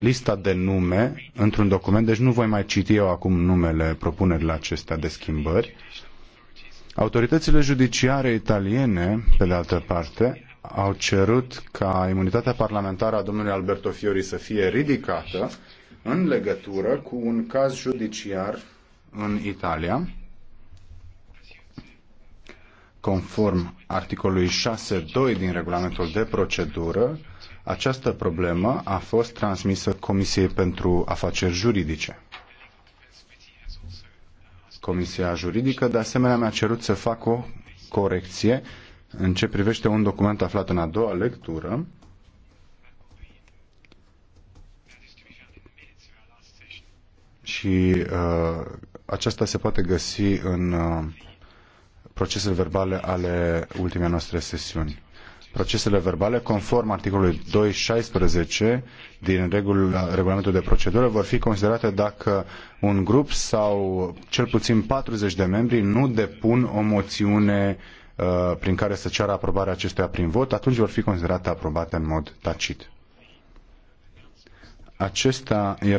lista de nume într-un document, deci nu voi mai citi eu acum numele propunerile acestea de schimbări. Autoritățile judiciare italiene, pe de altă parte, au cerut ca imunitatea parlamentară a domnului Alberto Fiori să fie ridicată în legătură cu un caz judiciar în Italia, Conform articolului 6.2 din regulamentul de procedură, această problemă a fost transmisă Comisiei pentru Afaceri Juridice. Comisia Juridică, de asemenea, mi-a cerut să fac o corecție în ce privește un document aflat în a doua lectură, și uh, aceasta se poate găsi în uh, procesele verbale ale ultimei noastre sesiuni. Procesele verbale, conform articolului 2.16 din regul, regulamentul de procedură, vor fi considerate dacă un grup sau cel puțin 40 de membri nu depun o moțiune uh, prin care să ceară aprobarea acestuia prin vot, atunci vor fi considerate aprobate în mod tacit. Acesta e